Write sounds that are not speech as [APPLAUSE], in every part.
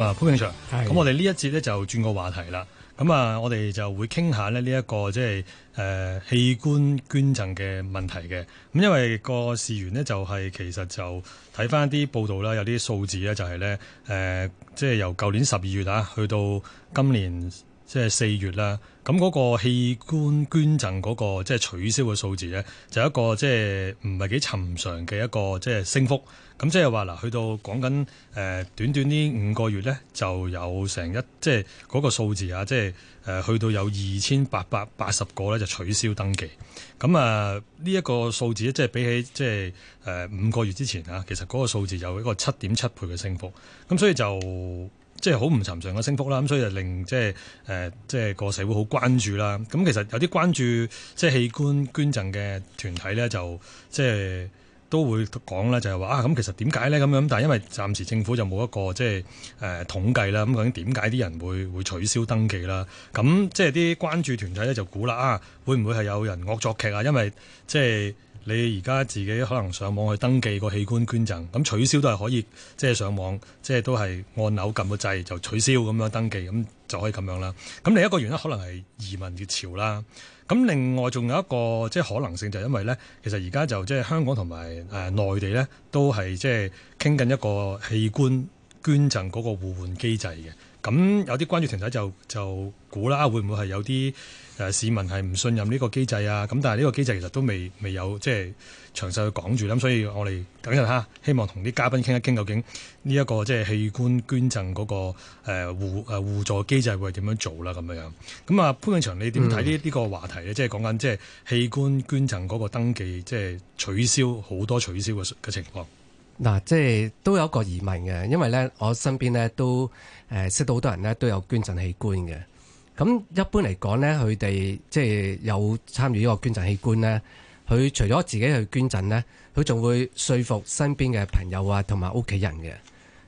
啊潘警長，咁我哋呢一節咧就轉個話題啦。咁啊，我哋就會傾下咧呢一個即係誒器官捐贈嘅問題嘅。咁因為個事源呢，就係，就係其實就睇翻啲報道啦，有啲數字咧就係咧誒，即、呃、係、就係、由舊年十二月啊，去到今年。即係四月啦，咁嗰個器官捐贈嗰個即係取消嘅數字咧，就一個即係唔係幾尋常嘅一個即係升幅。咁即係話嗱，去到講緊誒短短呢五個月咧，就有成一即係嗰個數字啊，即係誒去到有二千八百八十個咧就取消登記。咁啊呢一個數字，即係比起即係誒五個月之前啊，其實嗰個數字有一個七點七倍嘅升幅。咁所以就。即係好唔尋常嘅升幅啦，咁所以就令、呃、即係誒即係個社會好關注啦。咁其實有啲關注即係器官捐贈嘅團體咧，就即係都會講咧，就係、是、話啊，咁其實點解咧咁樣？但係因為暫時政府就冇一個即係誒、呃、統計啦。咁究竟點解啲人會會取消登記啦？咁即係啲關注團體咧就估啦啊，會唔會係有人惡作劇啊？因為即係。你而家自己可能上網去登記個器官捐贈，咁取消都係可以，即係上網，即係都係按鈕撳個掣就取消咁樣登記，咁就可以咁樣啦。咁另一個原因可能係移民熱潮啦。咁另外仲有一個即係可能性就係因為呢，其實而家就即係香港同埋、呃、內地呢，都係即係傾緊一個器官捐贈嗰個互換機制嘅，咁有啲關注團體就就估啦，會唔會係有啲誒、呃、市民係唔信任呢個機制啊？咁但係呢個機制其實都未未有即係詳細去講住啦，咁所以我哋等陣吓，希望同啲嘉賓傾一傾究竟呢、這、一個即係器官捐贈嗰、那個誒、呃、互誒互助機制會係點樣做啦？咁樣樣，咁啊潘永祥，你點睇呢呢個話題咧、嗯？即係講緊即係器官捐贈嗰個登記，即係取消好多取消嘅嘅情況。嗱，即係都有一個疑問嘅，因為咧，我身邊咧都誒識到好多人咧都有捐贈器官嘅。咁一般嚟講咧，佢哋即係有參與呢個捐贈器官咧，佢除咗自己去捐贈咧，佢仲會説服身邊嘅朋友啊，同埋屋企人嘅。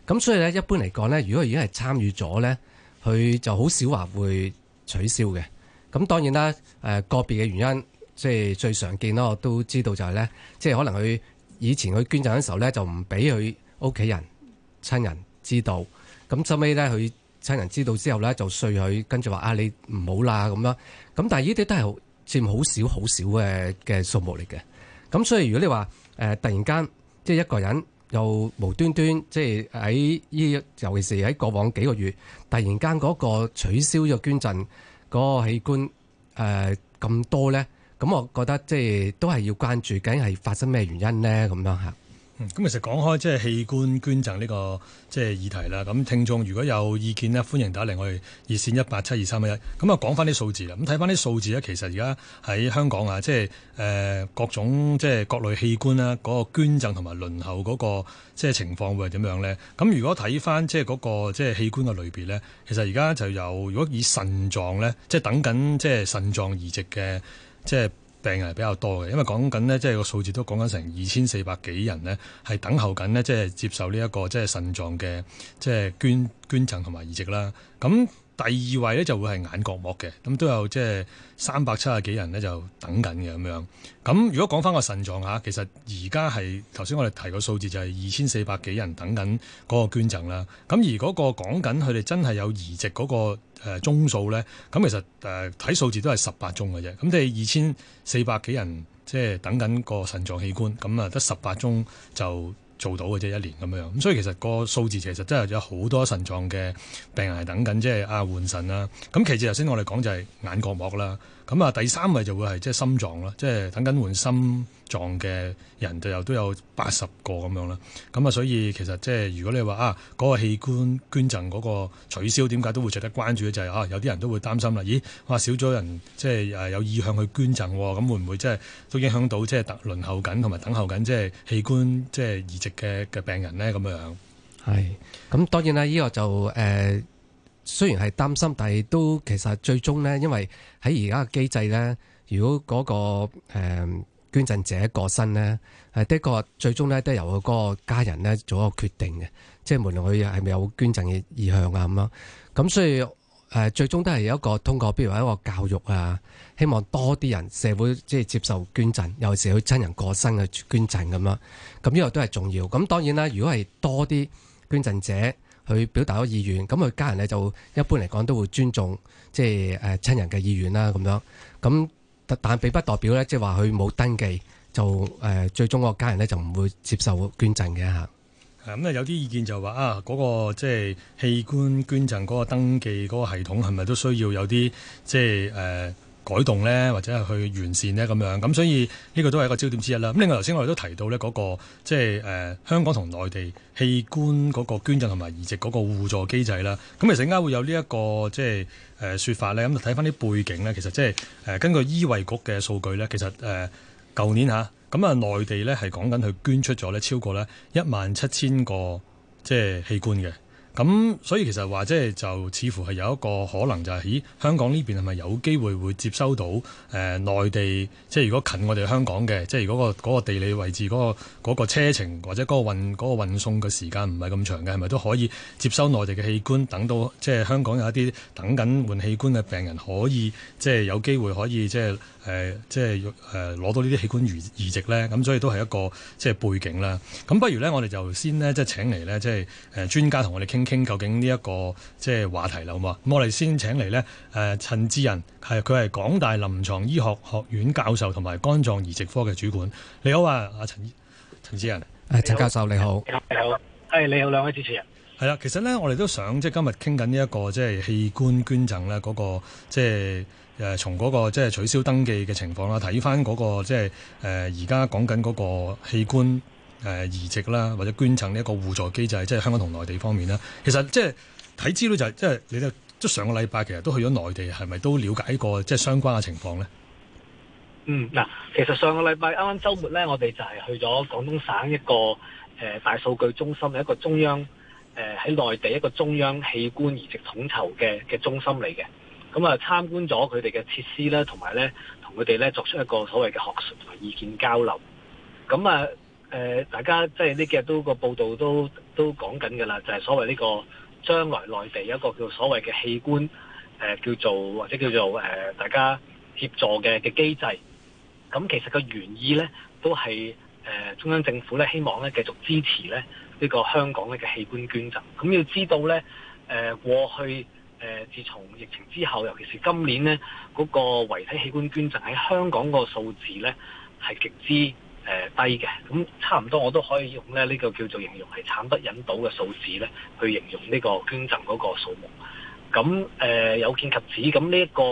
咁所以咧，一般嚟講咧，如果佢哋已經係參與咗咧，佢就好少話會取消嘅。咁當然啦，誒個別嘅原因，即係最常見囉，我都知道就係、是、咧，即係可能佢。以前佢捐贈嘅時候咧，就唔俾佢屋企人親人知道。咁收尾咧，佢親人知道之後咧，就勸佢跟住話：啊，你唔好啦咁樣。咁但係呢啲都係佔好少、好少嘅嘅數目嚟嘅。咁所以如果你話誒、呃、突然間即係一個人又無端端即係喺呢，尤其是喺過往幾個月，突然間嗰個取消咗捐贈嗰個器官誒咁、呃、多咧。咁，我覺得即係都係要關注，究竟係發生咩原因呢？咁樣嚇。嗯，咁其實講開即係器官捐贈呢、這個即係議題啦。咁聽眾如果有意見咧，歡迎打嚟我哋熱線一八七二三一一。咁啊，講翻啲數字啦。咁睇翻啲數字咧，其實而家喺香港啊，即係誒、呃、各種即係各類器官咧，嗰、那個捐贈同埋輪候嗰個即係情況會係點樣咧？咁如果睇翻即係嗰、那個即係器官嘅類別咧，其實而家就有如果以腎臟咧，即係等緊即係腎臟移植嘅。即係病人係比較多嘅，因為講緊呢，即係個數字都講緊成二千四百幾人呢，係等候緊呢，即係接受呢一個，即係腎臟嘅，即係捐捐，捐贈同埋移植啦。咁第二位咧就會係眼角膜嘅，咁都有即係三百七十幾人咧就等緊嘅咁樣。咁如果講翻個腎臟嚇，其實而家係頭先我哋提個數字就係二千四百幾人等緊嗰個捐贈啦。咁而嗰個講緊佢哋真係有移植嗰個誒宗數咧，咁其實誒睇數字都係十八宗嘅啫。咁即係二千四百幾人即係等緊個腎臟器官，咁啊得十八宗就。做到嘅啫，一年咁樣，咁所以其實個數字其實真係有好多腎臟嘅病人係等緊，即係啊換腎啦。咁其次頭先我哋講就係眼角膜啦。咁啊，第三位就會係即係心臟啦，即係等緊換心臟嘅人就又都有八十個咁樣啦。咁啊，所以其實即係如果你話啊，嗰、那個器官捐贈嗰個取消，點解都會值得關注咧？就係、是、啊，有啲人都會擔心啦。咦，哇，少咗人即係誒有意向去捐贈，咁、啊、會唔會即係都影響到即係等輪候緊同埋等候緊即係器官即係移植嘅嘅病人咧？咁樣樣係。咁當然啦，呢、這個就誒。呃雖然係擔心，但係都其實最終呢，因為喺而家嘅機制呢，如果嗰、那個誒、呃、捐贈者過身呢，係的確最終呢，都係由嗰個家人呢做一個決定嘅，即係無論佢係咪有捐贈嘅意向啊咁樣。咁所以誒、呃、最終都係有一個通過，譬如話，一個教育啊，希望多啲人社會即係接受捐贈，尤其是佢親人過身嘅捐贈咁樣。咁呢個都係重要。咁當然啦，如果係多啲捐贈者。佢表達咗意願，咁佢家人咧就一般嚟講都會尊重，即係誒、呃、親人嘅意願啦，咁樣。咁但但並不代表咧，即係話佢冇登記就誒、呃、最終個家人咧就唔會接受捐贈嘅吓。咁啊有啲意見就話啊嗰、那個即係、就是、器官捐贈嗰個登記嗰個系統係咪都需要有啲即係誒？就是呃改動咧，或者係去完善咧，咁樣咁，所以呢個都係一個焦點之一啦。咁另外，頭先我哋都提到咧、那個，嗰個即係誒香港同內地器官嗰個捐贈同埋移植嗰個互助機制啦。咁其實而家會有、這個就是呃、呢看看一個即係誒説法咧，咁就睇翻啲背景咧。其實即、就、係、是呃、根據醫衛局嘅數據咧，其實誒舊、呃、年下咁啊，內地咧係講緊佢捐出咗咧超過咧一萬七千個即係、就是、器官嘅。咁所以其實話即係就似乎係有一個可能，就是，就係咦香港呢邊係咪有機會會接收到誒內地，即係如果近我哋香港嘅，即係如果嗰個嗰個地理位置，嗰個嗰個車程或者嗰個運嗰個運送嘅時間唔係咁長嘅，係咪都可以接收內地嘅器官，等到即係香港有一啲等緊換器官嘅病人可以即係有機會可以即係誒，呃、即係誒攞到呢啲器官移移植咧？咁所以都係一個即係背景啦。咁不如咧，我哋就先咧即係請嚟咧即係誒專家同我哋傾。傾究竟呢一個即係話題啦，好嘛？咁我哋先請嚟咧，誒，陳智仁係佢係港大臨牀醫學學院教授，同埋肝臟移植科嘅主管。你好啊，阿陳陳智仁，誒，陳好教授你好，你好，你好，你係你好，兩位主持人係啦。其實呢，我哋都想即係今日傾緊呢一個即係、就是、器官捐贈呢嗰個即係誒，從、就、嗰、是那個即係、就是、取消登記嘅情況啦，睇翻嗰個即係誒，而家講緊嗰個器官。誒移植啦，或者捐贈呢一個互助機制，即係香港同內地方面啦。其實即係睇資料就係，即係你都，即上個禮拜其實都去咗內地，係咪都了解過即係相關嘅情況咧？嗯，嗱，其實上個禮拜啱啱週末咧，我哋就係去咗廣東省一個誒大數據中心，一個中央誒喺內地一個中央器官移植統籌嘅嘅中心嚟嘅。咁啊，參觀咗佢哋嘅設施啦，同埋咧同佢哋咧作出一個所謂嘅學術同埋意見交流。咁啊～誒、呃，大家即係呢幾日都個報道都都講緊㗎啦，就係、是、所謂呢個將來內地一個叫做所謂嘅器官誒、呃，叫做或者叫做誒、呃、大家協助嘅嘅機制。咁、嗯、其實個原意呢都係誒、呃、中央政府呢希望呢繼續支持呢呢、這個香港呢嘅器官捐贈。咁、嗯、要知道呢，誒、呃、過去誒、呃、自從疫情之後，尤其是今年呢，嗰、那個遺體器官捐贈喺香港個數字呢係極之。誒、呃、低嘅，咁差唔多我都可以用咧呢、呢個叫做形容係慘不忍睹嘅數字咧，去形容呢個捐贈嗰個數目。咁誒、呃、有見及此，咁呢一個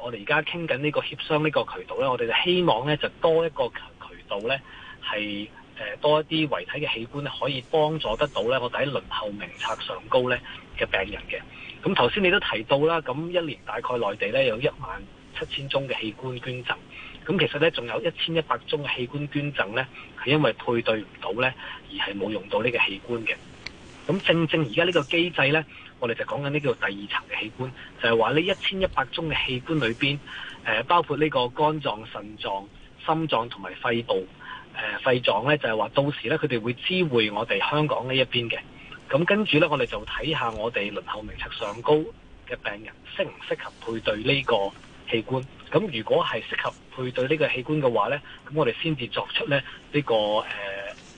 我哋而家傾緊呢個協商呢個渠道咧，我哋就希望咧就多一個渠道咧，係誒、呃、多一啲遺體嘅器官呢可以幫助得到咧我哋喺輪候名冊上高咧嘅病人嘅。咁頭先你都提到啦，咁一年大概內地咧有一萬七千宗嘅器官捐贈。咁其實咧，仲有一千一百宗嘅器官捐贈咧，係因為配對唔到咧，而係冇用到呢個器官嘅。咁正正而家呢個機制咧，我哋就講緊呢叫第二層嘅器官，就係話呢一千一百宗嘅器官裏面、呃，包括呢個肝臟、腎臟、心臟同埋肺部、呃、肺臟咧，就係話到時咧，佢哋會支援我哋香港呢一邊嘅。咁跟住咧，我哋就睇下我哋輪候名冊上高嘅病人適唔適合配對呢個器官。咁如果係適合配對呢個器官嘅話咧，咁我哋先至作出咧呢個誒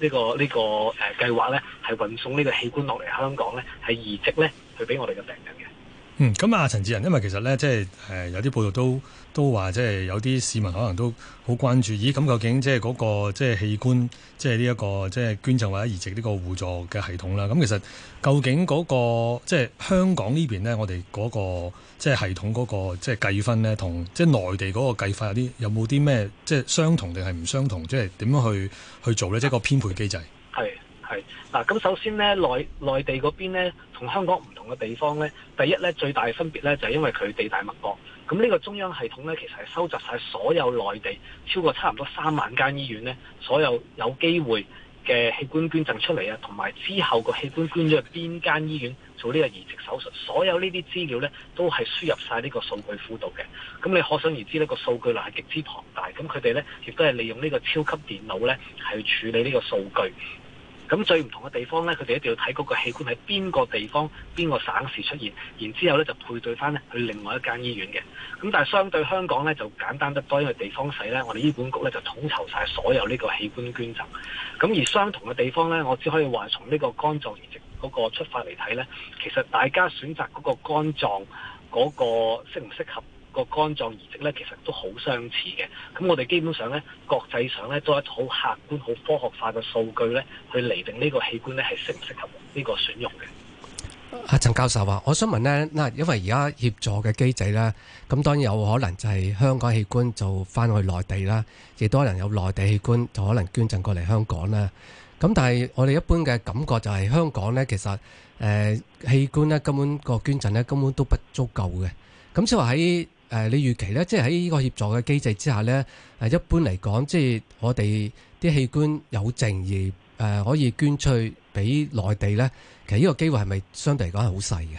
呢個呢個誒計劃咧，係運送呢個器官落嚟香港咧，係移植咧，去俾我哋嘅病人嘅。嗯，咁啊，陳智仁，因為其實咧，即係誒有啲報道都都話，即係有啲市民可能都好關注，咦？咁究竟即係嗰個即係器官，即係呢一個即係捐贈或者移植呢個互助嘅系統啦。咁其實究竟嗰個即係香港呢邊咧，我哋嗰個即係系統嗰個即係計分咧，同即係內地嗰個計法有啲有冇啲咩即係相同定係唔相同？即係點樣去去做呢？即係個編配機制。係嗱，咁首先咧，內內地嗰邊咧，同香港唔同嘅地方咧。第一咧，最大嘅分別咧，就係因為佢地大物博。咁呢個中央系統咧，其實係收集晒所有內地超過差唔多三萬間醫院咧，所有有機會嘅器官捐贈出嚟啊，同埋之後個器官捐咗去邊間醫院做呢個移植手術，所有呢啲資料咧，都係輸入晒呢個數據庫度嘅。咁你可想而知呢個數據量係極之龐大。咁佢哋咧，亦都係利用呢個超級電腦咧，係處理呢個數據。咁最唔同嘅地方呢，佢哋一定要睇嗰個器官喺邊個地方、邊個省市出現，然之後呢就配對翻去另外一間醫院嘅。咁但係相對香港呢，就簡單得多，因為地方細呢，我哋醫管局呢就統籌曬所有呢個器官捐贈。咁而相同嘅地方呢，我只可以話從呢個肝臟移植嗰個出發嚟睇呢，其實大家選擇嗰個肝臟嗰個適唔適合？個肝臟移植咧，其實都好相似嘅。咁我哋基本上咧，國際上咧，都係一套好客觀、好科學化嘅數據咧，去厘定呢個器官咧係適唔適合呢個選用嘅。阿陳教授話，我想問咧，嗱，因為而家協助嘅機制啦，咁當然有可能就係香港器官就翻去內地啦，亦都可能有內地器官就可能捐贈過嚟香港啦。咁但係我哋一般嘅感覺就係香港咧，其實誒器官咧根本個捐贈咧根本都不足夠嘅。咁即係話喺誒、呃，你預期咧，即係喺呢個協助嘅機制之下咧，誒，一般嚟講，即係我哋啲器官有剩而誒、呃，可以捐出去俾內地咧、嗯，其實呢個機會係咪相對嚟講係好細嘅？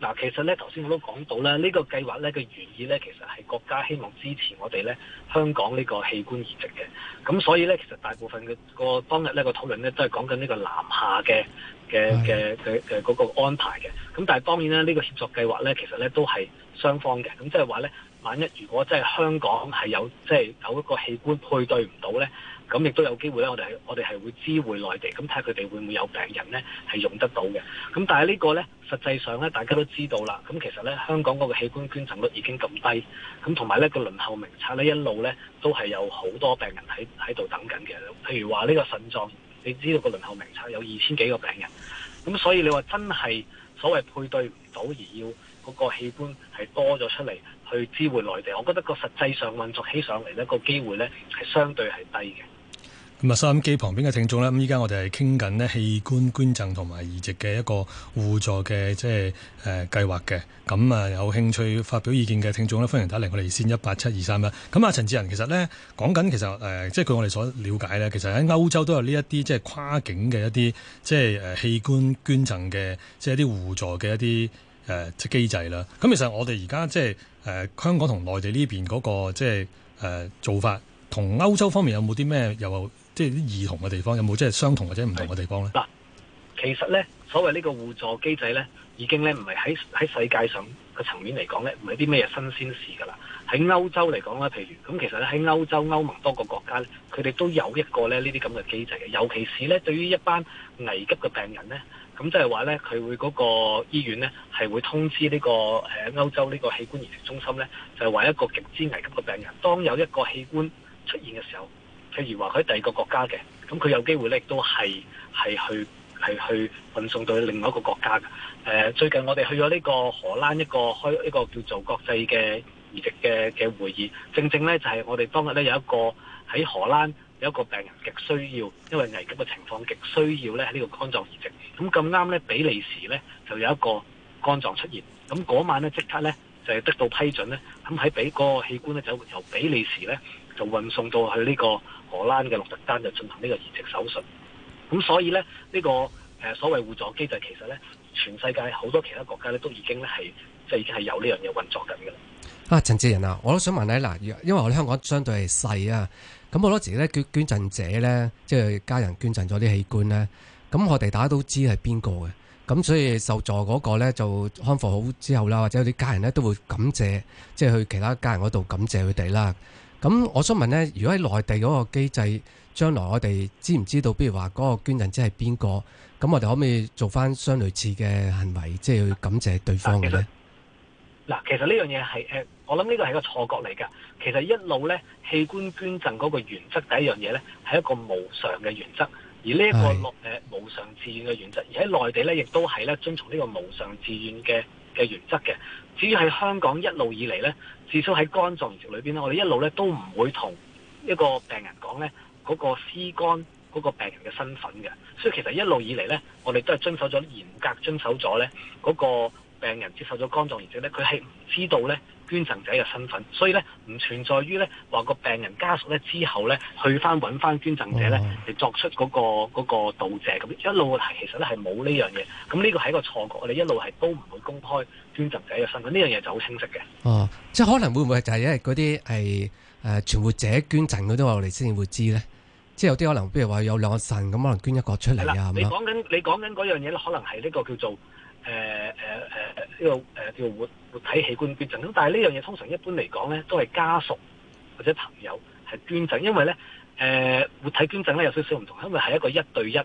嗱，其實咧，頭先我都講到咧，呢個計劃咧嘅原意咧，其實係國家希望支持我哋咧香港呢個器官移植嘅。咁所以咧，其實大部分嘅個當日呢個討論咧都係講緊呢個南下嘅嘅嘅嘅嘅嗰個安排嘅。咁但係當然咧，呢個協助計劃咧，其實咧都係。雙方嘅，咁即係話呢，萬一如果真係香港係有即係、就是、有一個器官配對唔到呢，咁亦都有機會呢。我哋係我哋係會知會內地，咁睇下佢哋會唔會有病人呢係用得到嘅。咁但係呢個呢，實際上呢，大家都知道啦。咁其實呢，香港嗰個器官捐贈率已經咁低，咁同埋呢個輪候名冊呢一路呢，都係有好多病人喺喺度等緊嘅。譬如話呢個腎臟，你知道個輪候名冊有二千幾個病人，咁所以你話真係所謂配對唔到而要。嗰個器官係多咗出嚟去支援內地，我覺得個實際上運作起上嚟呢個機會呢係相對係低嘅。咁啊，收音機旁邊嘅聽眾呢，咁依家我哋係傾緊呢器官捐贈同埋移植嘅一個互助嘅即係誒計劃嘅。咁啊，有興趣發表意見嘅聽眾呢，歡迎打嚟我哋線一八七二三一。咁啊，陳智仁其實呢講緊、呃就是，其實即係據我哋所了解呢，其實喺歐洲都有呢一啲即係跨境嘅一啲即係誒器官捐贈嘅即係一啲互助嘅一啲。誒即係機制啦，咁其實我哋而家即係誒香港同內地呢邊嗰個即係誒做法，同歐洲方面有冇啲咩又即係啲異同嘅地方？有冇即係相同或者唔同嘅地方咧？嗱，其實咧，所謂呢個互助機制咧，已經咧唔係喺喺世界上嘅層面嚟講咧，唔係啲咩新鮮事㗎啦。喺歐洲嚟講咧，譬如咁，其實咧喺歐洲歐盟多個國家咧，佢哋都有一個咧呢啲咁嘅機制嘅，尤其是咧對於一班危急嘅病人咧。咁即係話呢，佢會嗰個醫院呢，係會通知呢個誒歐洲呢個器官移植中心呢，就係為一個極之危急嘅病人。當有一個器官出現嘅時候，譬如話佢喺第二個國家嘅，咁佢有機會呢都係係去係去運送到另外一個國家嘅。誒、呃，最近我哋去咗呢個荷蘭一個開一個叫做國際嘅移植嘅嘅會議，正正呢，就係、是、我哋當日呢，有一個喺荷蘭。有一個病人極需要，因為危急嘅情況極需要咧喺呢個肝臟移植。咁咁啱咧，比利時咧就有一個肝臟出現。咁嗰晚咧即刻咧就係得到批准咧。咁喺俾嗰個器官咧就由比利時咧就運送到去呢個荷蘭嘅鹿特丹就進行呢個移植手術。咁所以咧呢個誒所謂互助機制其實咧全世界好多其他國家咧都已經咧係即係已經係有呢樣嘢運作緊嘅。啊，陳智仁啊，我都想問你嗱，因為我哋香港相對係細啊。咁好多時咧捐捐贈者咧，即係家人捐贈咗啲器官咧，咁我哋大家都知係邊個嘅，咁所以受助嗰個咧就康復好之後啦，或者有啲家人咧都會感謝，即係去其他家人嗰度感謝佢哋啦。咁我想問咧，如果喺內地嗰個機制，將來我哋知唔知道，譬如話嗰個捐贈者係邊個，咁我哋可唔可以做翻相類似嘅行為，即係去感謝對方嘅咧？嗱，其實呢樣嘢係誒，我諗呢個係一個錯覺嚟㗎。其實一路呢器官捐贈嗰個原則第一樣嘢呢係一個無償嘅原則，而呢一個內誒無償自願嘅原則，是而喺內地呢亦都係呢遵從呢個無償自願嘅嘅原則嘅。至於喺香港一路以嚟呢，至少喺肝臟移植裏邊咧，我哋一路呢都唔會同一個病人講呢嗰、嗰個屍肝嗰個病人嘅身份嘅，所以其實一路以嚟呢，我哋都係遵守咗嚴格遵守咗呢嗰個。病人接受咗肝臟移植咧，佢係唔知道咧捐贈者嘅身份，所以咧唔存在於咧話個病人家屬咧之後咧去翻揾翻捐贈者咧嚟、哦啊、作出嗰、嗰個嗰個道謝，咁一路其實咧係冇呢樣嘢，咁呢個係一個錯覺，我哋一路係都唔會公開捐贈者嘅身份，呢樣嘢就好清晰嘅。哦，即係可能會唔會就係因為嗰啲係誒存活者捐贈嗰啲話我哋先至會知咧？即係有啲可能，譬如話有兩個腎咁，可能捐一個出嚟啊。嗱，你講緊你講緊嗰樣嘢，可能係呢個叫做。誒誒誒呢個誒叫活活體器官捐贈咁，但係呢樣嘢通常一般嚟講咧，都係家屬或者朋友係捐贈，因為咧誒、呃、活體捐贈咧有少少唔同，因為係一個一對一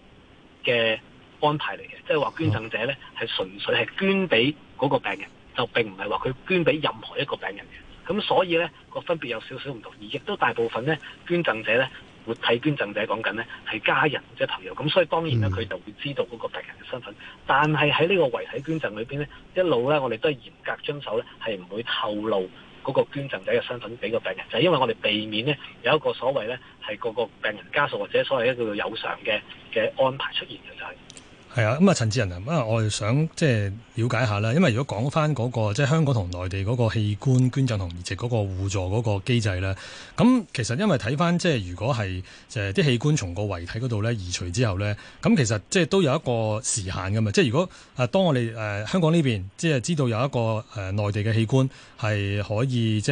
嘅安排嚟嘅，即係話捐贈者咧係純粹係捐俾嗰個病人，就並唔係話佢捐俾任何一個病人嘅。咁所以咧個分別有少少唔同，而亦都大部分咧捐贈者咧。活體捐贈者講緊呢係家人或者，就是，朋友，咁所以當然咧佢就會知道嗰個病人嘅身份，但係喺呢個遺體捐贈裏邊呢，一路呢我哋都係嚴格遵守呢係唔會透露嗰個捐贈者嘅身份俾個病人，就係，是，因為我哋避免呢有一個所謂呢係嗰個病人家屬或者所謂一個有償嘅嘅安排出現嘅就係，是。係，啊，咁啊陳智仁啊，咁啊我哋想即係了解下啦，因為如果講翻嗰個即係香港同內地嗰個器官捐贈同移植嗰個互助嗰個機制咧，咁其實因為睇翻即係如果係誒啲器官從個遺體嗰度咧移除之後咧，咁其實即係都有一個時限噶嘛。即係如果啊，當我哋誒香港呢邊即係知道有一個誒內地嘅器官係可以即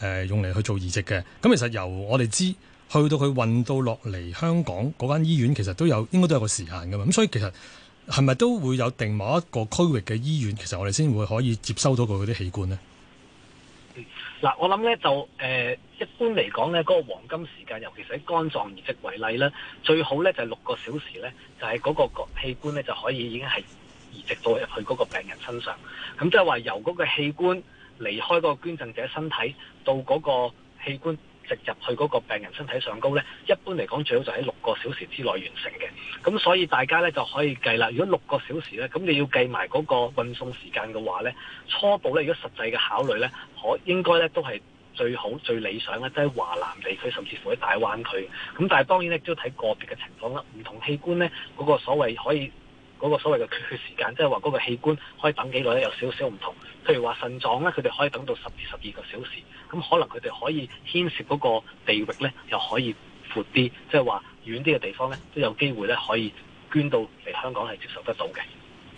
係用嚟去做移植嘅，咁其實由我哋知去到佢運到落嚟香港嗰間醫院，其實都有應該都有個時限噶嘛。咁所以其實。係咪都會有定某一個區域嘅醫院？其實我哋先會可以接收到佢嗰啲器官呢。嗱、嗯，我諗呢就誒、呃、一般嚟講呢嗰、那個黃金時間，尤其是喺肝臟移植為例呢，最好呢就係、是、六個小時呢，就係、是、嗰個器官呢就可以已經係移植到入去嗰個病人身上。咁即係話由嗰個器官離開嗰個捐贈者身體到嗰個器官。植入去嗰個病人身體上高呢，一般嚟講最好就喺六個小時之內完成嘅。咁所以大家呢就可以計啦。如果六個小時呢，咁你要計埋嗰個運送時間嘅話呢，初步呢，如果實際嘅考慮呢，可應該呢都係最好最理想呢都係華南地區甚至乎喺大灣區。咁但係當然呢，都要睇個別嘅情況啦。唔同器官呢，嗰、嗰個所謂可以。嗰個所謂嘅缺血時間，即係話嗰個器官可以等幾耐咧，有少少唔同。譬如話腎臟咧，佢哋可以等到十至十二個小時，咁可能佢哋可以牽涉嗰個地域咧，又可以闊啲，即係話遠啲嘅地方咧，都有機會咧可以捐到嚟香港係接受得到嘅。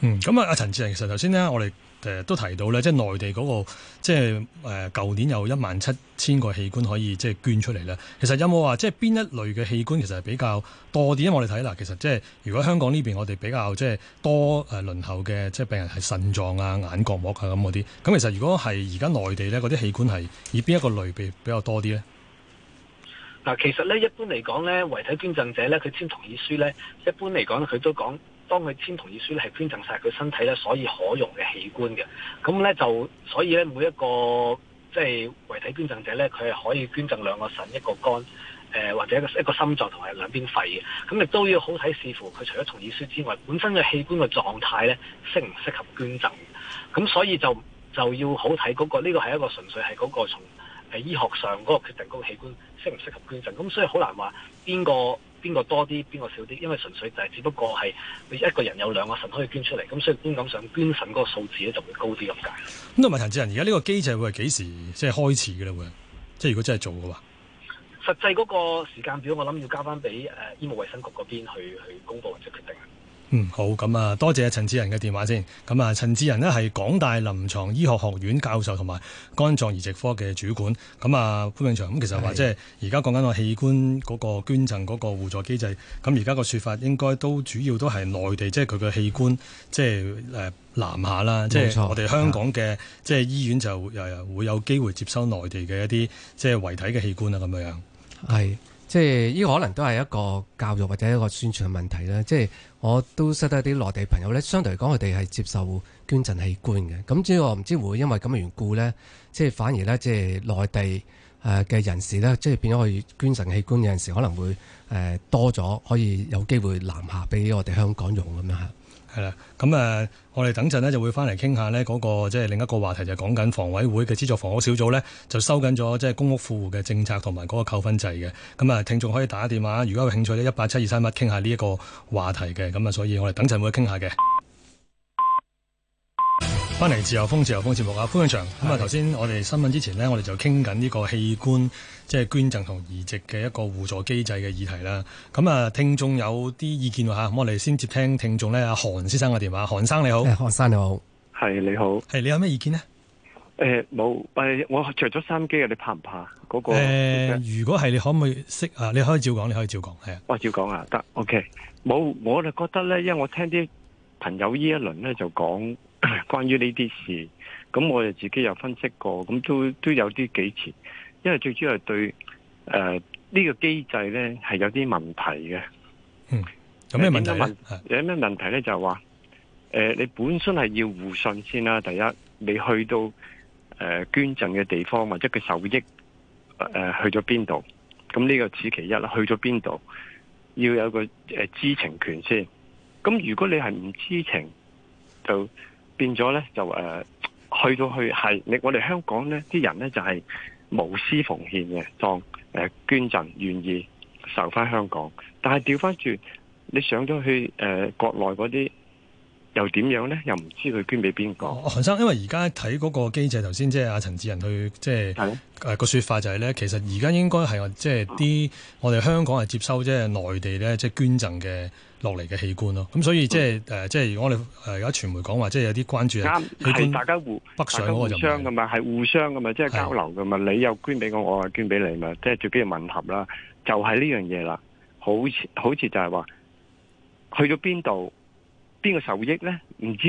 嗯，咁啊，阿陳智仁，其實頭先咧，我哋。誒都提到咧，即係內地嗰個，即係誒舊年有一萬七千個器官可以即係捐出嚟咧。其實有冇話，即係邊一類嘅器官其實係比較多啲？因為我哋睇嗱，其實即係如果香港呢邊我哋比較即係多誒輪候嘅即係病人係腎臟啊、眼角膜啊咁嗰啲。咁其實如果係而家內地咧，嗰啲器官係以邊一個類別比較多啲咧？嗱，其實咧一般嚟講咧，遺體捐贈者咧佢簽同意書咧，一般嚟講佢都講。當佢簽同意書咧，係捐贈晒佢身體咧，所以可用嘅器官嘅，咁咧就所以咧每一個即係遺體捐贈者咧，佢係可以捐贈兩個腎、一個肝、呃，誒或者一個一個心臟同埋兩邊肺嘅，咁亦都要好睇視乎佢除咗同意書之外，本身嘅器官嘅狀態咧，適唔適合捐贈，咁所以就就要好睇嗰個，呢個係一個純粹係嗰個從係醫學上嗰個決定嗰個器官適唔適合捐贈，咁所以好難話邊個。邊個多啲，邊個少啲？因為純粹就係只不過係你一個人有兩個腎可以捐出嚟，咁所以觀感上捐腎嗰個數字咧就會高啲咁解。咁啊，問陳智仁而家呢個機制會係幾時即係開始嘅咧？會即係如果真係做嘅話，實際嗰個時間表我諗要交翻俾誒醫務衛生局嗰邊去去公布或者決定。嗯，好，咁啊，多謝陳智仁嘅電話先。咁啊，陳智仁呢係港大臨床醫學學院教授，同埋肝臟移植科嘅主管。咁啊，潘永祥咁，其實話即係而家講緊個器官嗰個捐贈嗰個互助機制。咁而家個說法應該都主要都係內地，即係佢嘅器官，即係誒南下啦。即係錯我哋香港嘅即係醫院就誒會有機會接收內地嘅一啲即係遺體嘅器官啊咁樣。係。即係呢、這個可能都係一個教育或者一個宣傳嘅問題啦。即係我都識得啲內地朋友咧，相對嚟講佢哋係接受捐贈器官嘅。咁即係我唔知會唔會因為咁嘅緣故咧，即係反而咧，即係內地嘅人士咧，即係變咗去捐贈器官有陣時可能會多咗，可以有機會南下俾我哋香港用咁樣嚇係啦，咁誒，我哋等陣呢就會翻嚟傾下呢嗰個即係、就是、另一個話題，就係講緊房委會嘅資助房屋小組呢，就收緊咗即係公屋戶嘅政策同埋嗰個扣分制嘅。咁啊，聽眾可以打電話，如果有興趣呢，一八七二三一傾下呢一個話題嘅。咁啊，所以我哋等陣會傾下嘅。翻嚟自由風自由風節目啊，潘永祥。咁啊，頭先的我哋新聞之前呢，我哋就傾緊呢個器官。即係捐贈同移植嘅一個互助機制嘅議題啦。咁啊，聽眾有啲意見吓，咁我哋先接聽聽眾咧。阿韓先生嘅電話，韓生你好，韓、欸、生你好，係你好，係你、欸、有咩意見呢？誒、呃、冇，誒我着咗三機啊，你怕唔怕嗰、那個？欸、如果係你，可唔可以識啊？你可以照講，你可以照講，哦、照講啊。我照講啊，得 OK。冇，我就覺得咧，因為我聽啲朋友呢一輪咧就講關於呢啲事，咁我就自己又分析過，咁都都有啲幾次。因為最主要係對誒呢個機制呢係有啲問題嘅，嗯，有咩問題？有咩問題呢？就係話誒，你本身係要互信先啦。第一，你去到、呃、捐贈嘅地方或者個受益誒去咗邊度？咁呢個此其一啦。去咗邊度要有個誒知情權先。咁如果你係唔知情，就變咗呢，就誒去到去係你我哋香港呢啲人呢，就係。無私奉獻嘅當誒捐贈願意受翻香港，但係調翻轉你上咗去誒、呃、國內嗰啲又點樣咧？又唔知佢捐俾邊個？韓生，因為而家睇嗰個機制，頭先即係阿陳智仁去即係誒個說法就係、是、咧，其實而家應該係即係啲我哋香港係接收即係、就是、內地咧即係捐贈嘅。落嚟嘅器官咯，咁所以即係誒，即係、嗯、如果我哋而家傳媒講話，即係有啲關注係大家互北上互相噶嘛，係互相噶嘛，即係交流噶嘛，的你又捐俾我，我又捐俾你嘛，即係最緊要吻合啦。就係呢樣嘢啦，好似好似就係話去咗邊度，邊個受益咧？唔知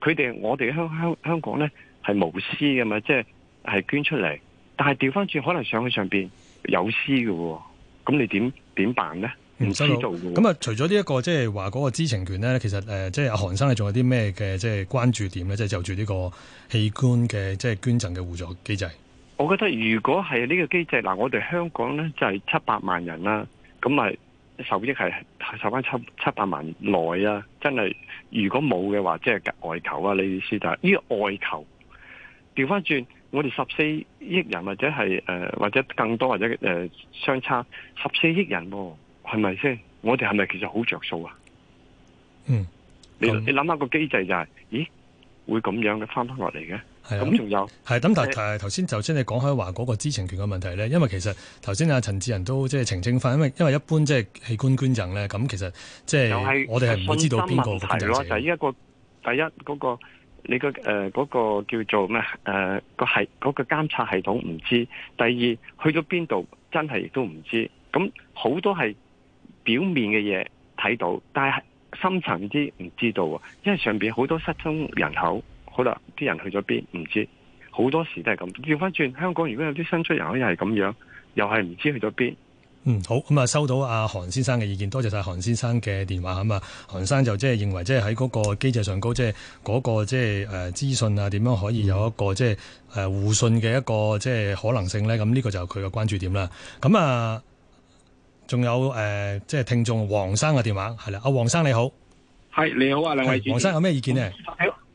佢哋我哋香香香港咧係無私噶嘛？即係係捐出嚟，但係調翻轉可能上去上邊有私嘅喎，咁你點點辦咧？唔知道咁啊！除咗呢一個即係話嗰個知情權咧，其實誒，即係阿韓生係仲有啲咩嘅即係關注點咧？即係就住、是、呢個器官嘅即係捐贈嘅互助機制。我覺得如果係呢個機制，嗱、啊，我哋香港咧就係七百萬人啦、啊，咁啊受益係受返七七百萬內啊！真係如果冇嘅話，即、就、係、是、外求啊！你意思就係呢個外求調返轉，我哋十四億人或者係誒、呃、或者更多或者誒、呃、相差十四億人、啊。係咪先？我哋係咪其實好着數啊？嗯，你你諗下個機制就係、是，咦，會咁樣嘅翻翻落嚟嘅？係咁仲有係咁但誒頭先，頭先你講開話嗰個知情權嘅問題咧，因為其實頭先阿陳智仁都即係澄清翻，因、就、為、是、因為一般即係、就是、器官捐贈咧，咁其實即、就、係、是、是我哋係唔知道邊個捐贈者。就係信心問題、啊就是、一個，第一嗰、那個你嘅誒、呃那個叫做咩誒、呃那個係個監察系統唔知，第二去到邊度真係亦都唔知，咁好多係。表面嘅嘢睇到，但係深層啲唔知道，因為上邊好多失蹤人口，好啦，啲人去咗邊唔知，好多時都係咁。調翻轉，香港如果有啲新出人口又係咁樣，又係唔知去咗邊。嗯，好，咁啊，收到阿韓先生嘅意見，多謝晒韓先生嘅電話啊嘛。韓、嗯、生就即係認為，即係喺嗰個機制上高，即係嗰個即係誒資訊啊，點樣可以有一個即係誒互信嘅一個即係、就是、可能性咧？咁呢個就係佢嘅關注點啦。咁啊。呃仲有誒、呃，即係聽眾黃生嘅電話，係啦，阿黃生你好，係你好啊，兩位主持，黃生有咩意見咧？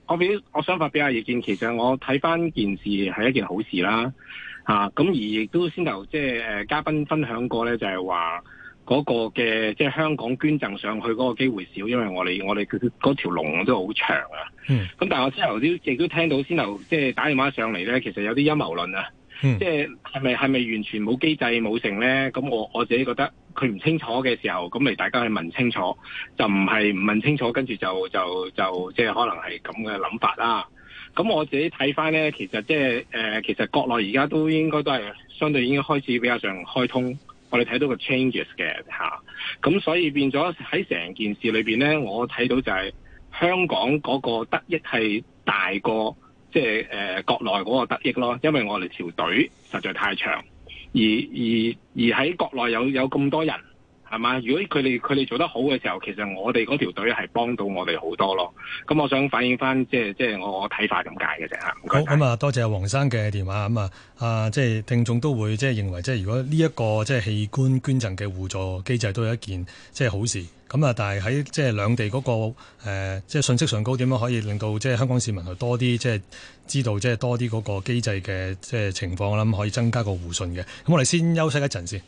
我俾我想發表下意見，其實我睇翻件事係一件好事啦，嚇、啊、咁而亦都先頭即係誒嘉賓分享過咧，就係話嗰個嘅即係香港捐贈上去嗰個機會少，因為我哋我哋嗰條龍都好長啊，咁、嗯、但係我先頭都亦都聽到先頭即係打電話上嚟咧，其實有啲陰謀論啊。 [NOISE] 即係係咪係咪完全冇機制冇成咧？咁我我自己覺得佢唔清楚嘅時候，咁嚟大家去問清楚，就唔係唔問清楚，跟住就就就，就即係可能係咁嘅諗法啦。咁我自己睇翻咧，其實即係誒，其實國內而家都應該都係相對已經開始比較上開通，我哋睇到個 changes 嘅嚇。咁、啊、所以變咗喺成件事裏邊咧，我睇到就係香港嗰個得益係大過。即係誒國內嗰個得益咯，因為我哋條隊實在太長，而而而喺國內有有咁多人。係嘛？如果佢哋佢哋做得好嘅時候，其實我哋嗰條隊係幫到我哋好多咯。咁我想反映翻，即係即係我我睇法咁解嘅啫吓。好咁啊、嗯，多謝黃生嘅電話。咁、嗯、啊，啊即係聽眾都會即係認為，即係如果呢、這、一個即係器官捐贈嘅互助機制都係一件即係好事。咁啊，但係喺即係兩地嗰、那個誒、呃、即係信息上高，點樣可以令到即係香港市民去多啲即係知道，即係多啲嗰個機制嘅即係情況啦，可以增加個互信嘅。咁我哋先休息一陣先。